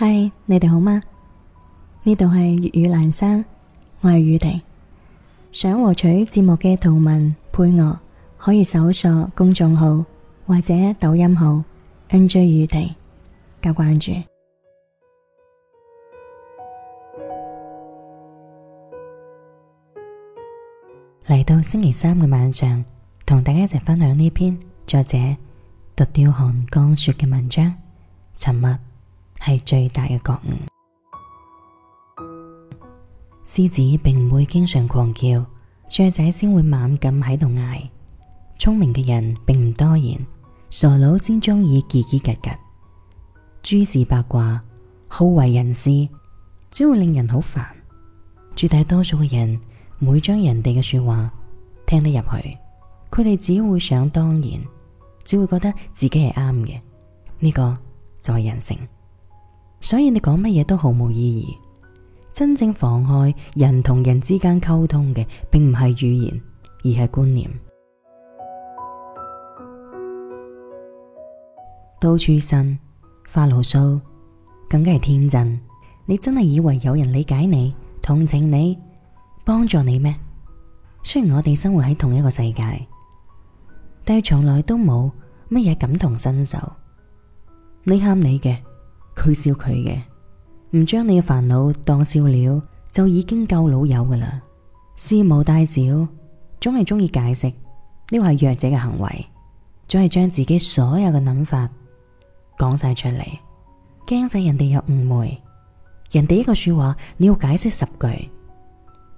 嗨，Hi, 你哋好嗎？呢度係粵語闌珊，我係宇婷。想獲取節目嘅圖文配樂，可以搜索公眾號或者抖音號 N J 宇婷加關注。嚟到星期三嘅晚上，同大家一齊分享呢篇作者獨釣寒江雪嘅文章，沉默。係最大嘅覺悟。獅子並唔會經常狂叫，雀仔先會猛咁喺度嗌。聰明嘅人並唔多言，傻佬先中意唧唧喳喳。諸事八卦，好為人師，只會令人好煩。絕大多數嘅人唔會將人哋嘅說話聽得入去，佢哋只會想當然，只會覺得自己係啱嘅。呢個就係人性。所以你講乜嘢都毫無意義。真正妨礙人同人之間溝通嘅，並唔係語言，而係觀念。到處呻發牢騷，更加係天真。你真係以為有人理解你、同情你、幫助你咩？雖然我哋生活喺同一個世界，但係從來都冇乜嘢感同身受。你喊你嘅。佢笑佢嘅，唔將你嘅煩惱當笑料就已經夠老友噶啦。事無大小，總係中意解釋，呢個係弱者嘅行為，總係將自己所有嘅諗法講晒出嚟，驚使人哋有誤會。人哋一個說話，你要解釋十句，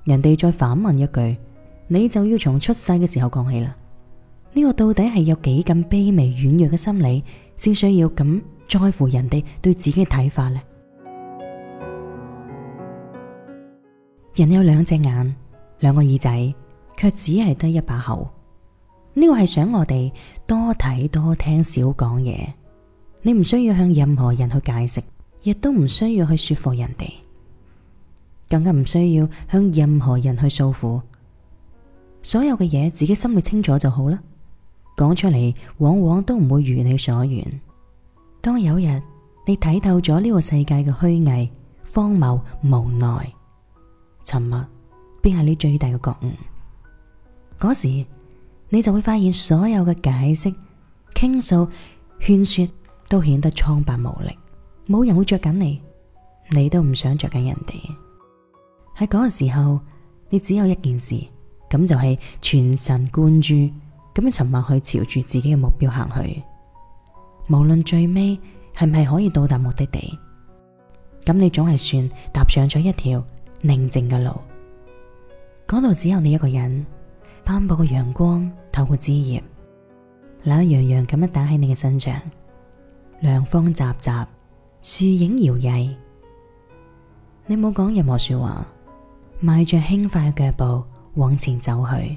人哋再反問一句，你就要從出世嘅時候講起啦。呢、呢個到底係有幾咁卑微軟弱嘅心理先需要咁？在乎人哋對自己嘅睇法呢？人有兩隻眼，兩個耳仔，却只係得一把口。呢個係想我哋多睇多聽少講嘢。你唔需要向任何人去解釋，亦都唔需要去說服人哋，更加唔需要向任何人去訴苦。所有嘅嘢，自己心裏清楚就好啦。講出嚟，往往都唔會如你所願。當有日你睇透咗呢個世界嘅虛偽、荒謬、無奈，沉默，便係你最大嘅覺悟。嗰時你就會發現，所有嘅解釋、傾訴、勸說都顯得蒼白無力，冇人會着緊你，你都唔想着緊人哋。喺嗰個時候，你只有一件事，咁就係全神貫注咁樣沉默去朝住自己嘅目標行去。無論最尾係唔係可以到達目的地，咁你總係算踏上咗一條寧靜嘅路。嗰度只有你一個人，斑駁嘅陽光透過枝葉，懶洋洋咁樣打喺你嘅身上，涼風習習，樹影搖曳。你冇講任何說話，邁着輕快嘅腳步往前走去。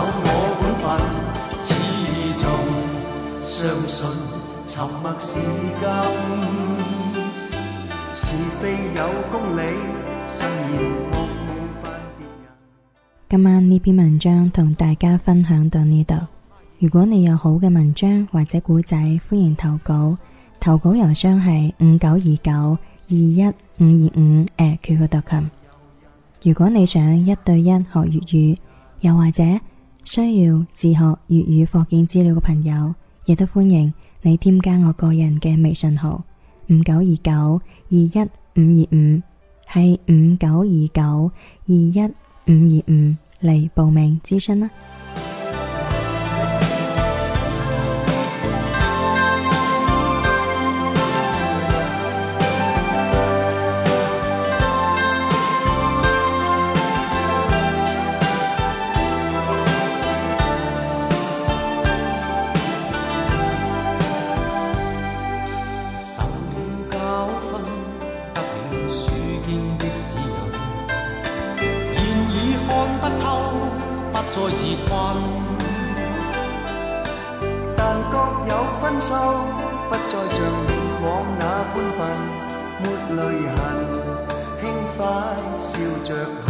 今晚呢篇文章同大家分享到呢度。如果你有好嘅文章或者古仔，歡迎投稿。投稿郵箱係五九二九二一五二五 @QQ.com。如果你想一對一學粵語，又或者需要自學粵語課件資料嘅朋友，亦都歡迎你添加我個人嘅微信號五九二九二一五二五，係五九二九二一五二五嚟報名諮詢啦。再自困，但各有分數，不再像以往那般笨，沒淚痕，輕快笑着。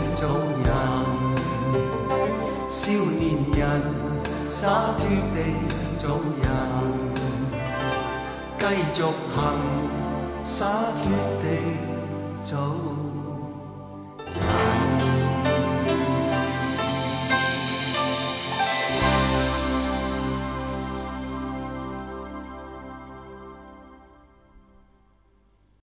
灑脫地做人，繼續行，灑脫地。